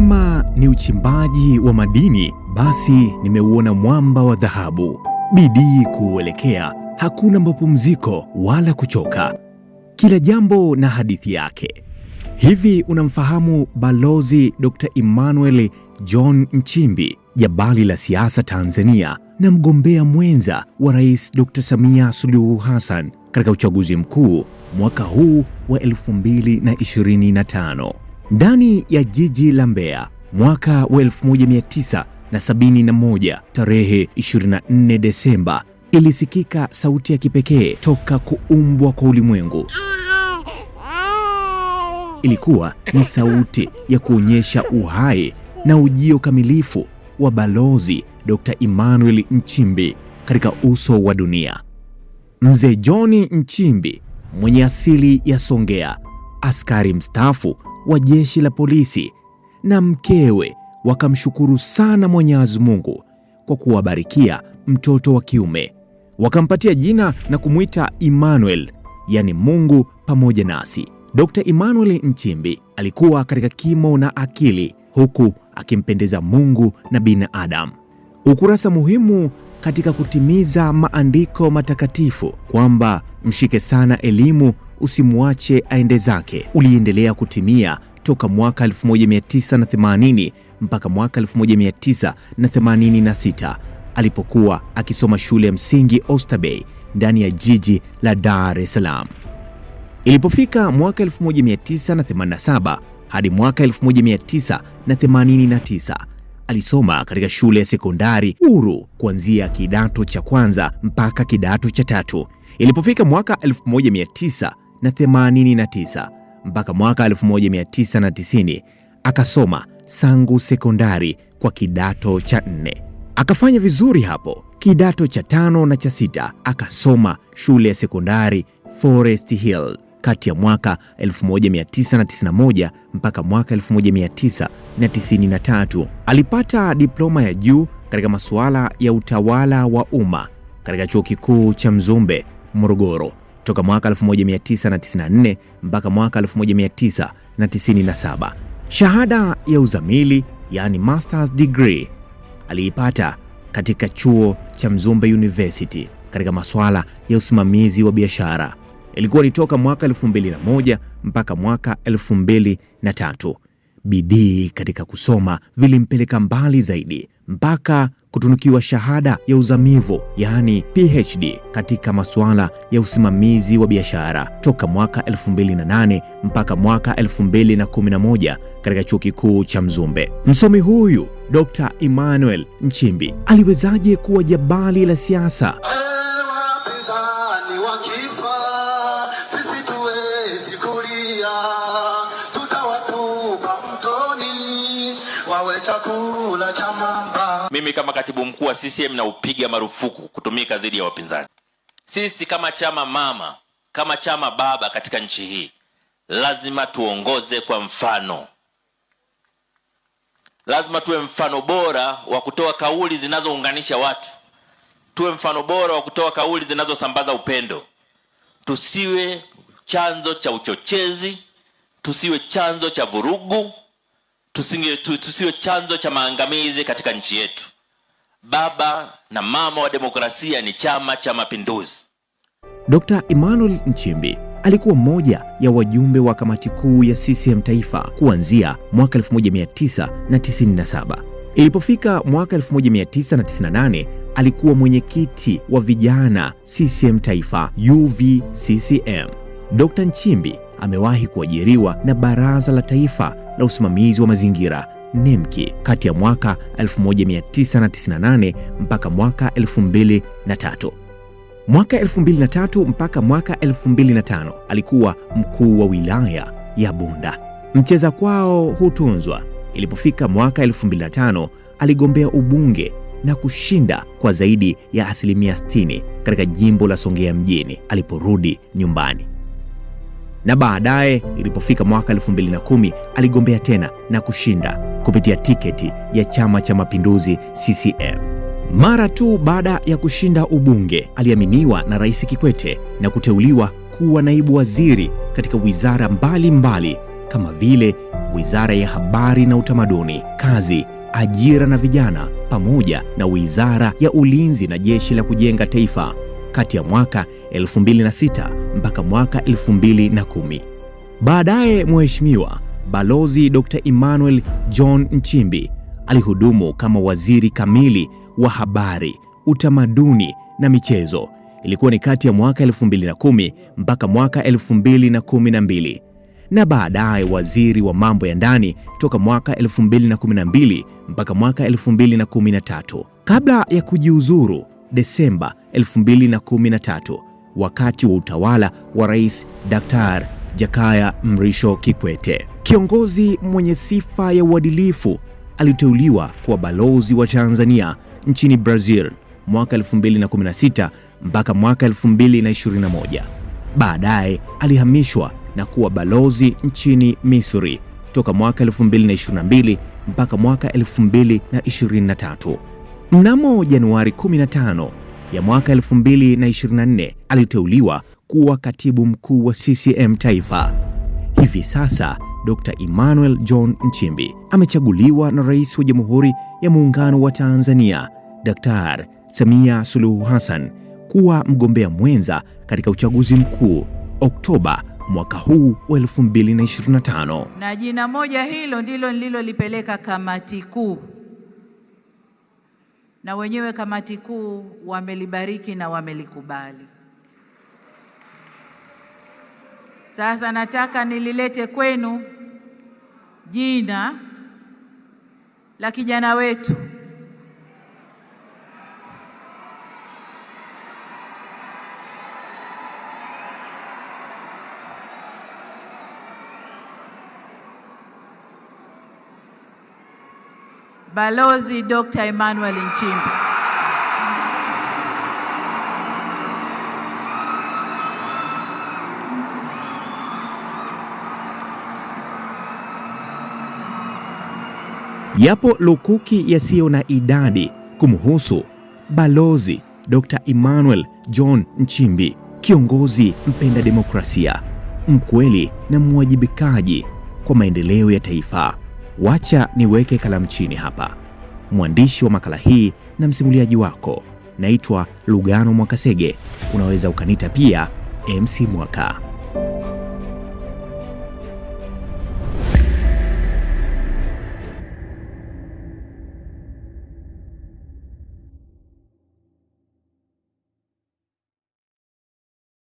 Kama ni uchimbaji wa madini, basi nimeuona mwamba wa dhahabu. Bidii kuuelekea, hakuna mapumziko wala kuchoka. Kila jambo na hadithi yake. Hivi unamfahamu Balozi Dr. Emmanuel John Nchimbi, jabali la siasa Tanzania na mgombea mwenza wa Rais Dr. Samia Suluhu Hassan katika uchaguzi mkuu mwaka huu wa 2025. Ndani ya jiji la Mbeya mwaka wa 1971 tarehe 24 Desemba ilisikika sauti ya kipekee toka kuumbwa kwa ulimwengu. Ilikuwa ni sauti ya kuonyesha uhai na ujio kamilifu wa Balozi Dr. Emmanuel Nchimbi katika uso wa dunia. Mzee John Nchimbi mwenye asili ya Songea, askari mstaafu wa jeshi la polisi na mkewe wakamshukuru sana Mwenyezi Mungu kwa kuwabarikia mtoto wa kiume. Wakampatia jina na kumwita Emmanuel, yani Mungu pamoja nasi. Dr. Emmanuel Nchimbi alikuwa katika kimo na akili huku akimpendeza Mungu na binadamu. Ukurasa muhimu katika kutimiza maandiko matakatifu kwamba mshike sana elimu usimwache aende zake uliendelea kutimia toka mwaka 1980 mpaka mwaka 1986 alipokuwa akisoma shule ya msingi Oysterbay ndani ya jiji la Dar es Salaam. Ilipofika mwaka 1987 hadi mwaka 1989 alisoma katika shule ya sekondari uru kuanzia kidato cha kwanza mpaka kidato cha tatu. Ilipofika mwaka 1989 mpaka mwaka 1990 akasoma Sangu Sekondari kwa kidato cha nne. Akafanya vizuri hapo kidato cha tano na cha sita, akasoma shule ya sekondari Forest Hill kati ya mwaka 1991 mpaka mwaka 1993. Alipata diploma ya juu katika masuala ya utawala wa umma katika chuo kikuu cha Mzumbe Morogoro toka mwaka 1994 mpaka mwaka 1997. Shahada ya uzamili yani masters degree aliipata katika chuo cha Mzumbe University katika masuala ya usimamizi wa biashara. Ilikuwa ni toka mwaka 2001 mpaka mwaka 2003. Bidii katika kusoma vilimpeleka mbali zaidi mpaka kutunukiwa shahada ya uzamivu yaani PhD katika masuala ya usimamizi wa biashara toka mwaka 2008 mpaka mwaka 2011 katika chuo kikuu cha Mzumbe. Msomi huyu Dr. Emmanuel Nchimbi aliwezaje kuwa jabali la siasa? Chakula cha mamba mimi kama katibu mkuu wa CCM upiga marufuku kutumika dhidi ya wapinzani. Sisi kama chama mama, kama chama baba katika nchi hii lazima tuongoze kwa mfano, lazima tuwe mfano bora wa kutoa kauli zinazounganisha watu, tuwe mfano bora wa kutoa kauli zinazosambaza upendo, tusiwe chanzo cha uchochezi, tusiwe chanzo cha vurugu, tusiwe chanzo cha maangamizi katika nchi yetu baba na mama wa demokrasia ni Chama cha Mapinduzi. Dr. Emmanuel Nchimbi alikuwa mmoja ya wajumbe wa kamati kuu ya CCM Taifa kuanzia mwaka 1997. Ilipofika mwaka 1998 alikuwa mwenyekiti wa vijana CCM Taifa UVCCM. Dr. Nchimbi amewahi kuajiriwa na Baraza la Taifa la Usimamizi wa Mazingira NIMKI kati ya mwaka 1998 mpaka mwaka 2003. Mwaka 2003 mpaka mwaka 2005 alikuwa mkuu wa wilaya ya Bunda. Mcheza kwao hutunzwa. Ilipofika mwaka 2005 aligombea ubunge na kushinda kwa zaidi ya asilimia 60 katika jimbo la Songea mjini aliporudi nyumbani na baadaye ilipofika mwaka 2010 aligombea tena na kushinda kupitia tiketi ya Chama cha Mapinduzi CCM. Mara tu baada ya kushinda ubunge, aliaminiwa na Rais Kikwete na kuteuliwa kuwa naibu waziri katika wizara mbalimbali mbali, kama vile Wizara ya Habari na Utamaduni, Kazi, Ajira na Vijana pamoja na Wizara ya Ulinzi na Jeshi la Kujenga Taifa kati ya mwaka 2006 mpaka mwaka 2010. Baadaye Mheshimiwa Balozi Dr. Emmanuel John Nchimbi alihudumu kama waziri kamili wa habari, utamaduni na michezo. Ilikuwa ni kati ya mwaka 2010 mpaka mwaka 2012 na baadaye waziri wa mambo ya ndani toka mwaka 2012 mpaka mwaka 2013 kabla ya kujiuzuru Desemba 2013 wakati wa utawala wa Rais Daktari Jakaya Mrisho Kikwete. Kiongozi mwenye sifa ya uadilifu aliteuliwa kuwa balozi wa Tanzania nchini Brazil mwaka 2016 mpaka mwaka 2021. Baadaye alihamishwa na kuwa balozi nchini Misri toka mwaka 2022 mpaka mwaka 2023. Mnamo Januari 15 ya mwaka 2024 aliteuliwa kuwa katibu mkuu wa CCM Taifa. Hivi sasa Dr. Emmanuel John Nchimbi amechaguliwa na Rais wa Jamhuri ya Muungano wa Tanzania Dr. Samia Suluhu Hassan kuwa mgombea mwenza katika uchaguzi mkuu Oktoba mwaka huu wa 2025. Na jina moja hilo ndilo nililolipeleka kamati kuu na wenyewe kamati kuu wamelibariki na wamelikubali. Sasa nataka nililete kwenu jina la kijana wetu Balozi Dr. Emmanuel Nchimbi. Yapo lukuki yasiyo na idadi kumhusu Balozi Dr. Emmanuel John Nchimbi, kiongozi mpenda demokrasia, mkweli na mwajibikaji kwa maendeleo ya taifa wacha niweke kalamu chini hapa. Mwandishi wa makala hii na msimuliaji wako naitwa Lugano Mwakasege. Unaweza ukanita pia MC Mwaka.